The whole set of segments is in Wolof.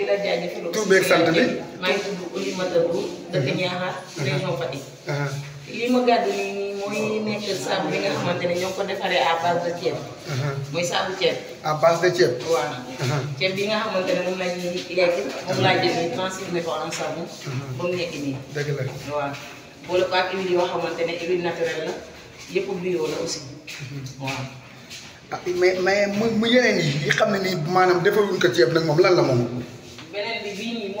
di la jaajëfal aussi. tur beeg sant bi maa ngi uh-huh. uh-huh. li ma gàddu nii mooy nekk saabu bi nga xamante ne ñoo ko defaree à base de ceeb. Uh-huh. mooy saabu ceeb. à de ceeb. waaw. ceeb bi nga xamante ne moom la ñuy lekk moom laa jël nii transformé ko en la waaw. boole ko ak huile yoo xamante ne huile naturelle la yëpp bio la aussi. waaw. ah mais mais mu yeneen yi yi xam ne nii maanaam defaruñ ko ceeb nag moom lan la moom.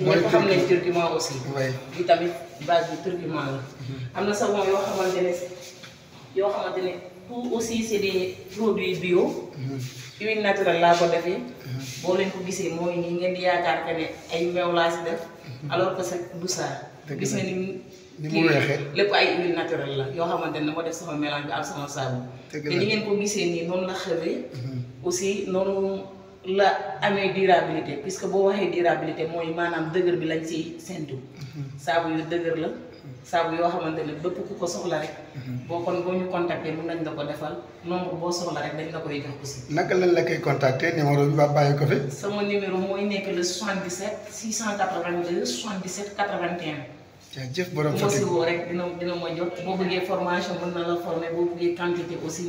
mooy xam nañ turkiment aussi. bi tamit base bi turkiment la. Mhm. am na savon yoo xamante ne yoo xamante ne tout aussi c' est des bio. Mhm. huile naturelle laa ko defee. Mhm. boo leen ko gisee mooy nii ngeen di yaakaar que ne ay meew laa si def. alors que c'est du ça. gis na ni ni mu weexee lépp ay huile naturelle la yoo xamante ne ma def sama mélange bi ak sama saabu. te ni ngeen ko gisee nii noonu la xewee. aussi noonu. la amee durabilité puisque boo waxee durabilité mooy maanaam dëgër bi lañ ci séntu. Mhm. saabu yu dëgër la. saabu yoo xamante ne bépp ku ko soxla rek. Mhm. boo kon boo ñu contacter mën nañ la ko defal nombre boo soxla rek dañ la koy jox aussi. naka lañ la koy contacter numéro bi ba bàyyi ko fi. sama numéro mooy nekk le 77 682 77 81. jërëjëf borom Fatick woo rek dina dina ma jot boo bëggee formation mën na la former boo bëggee quantité aussi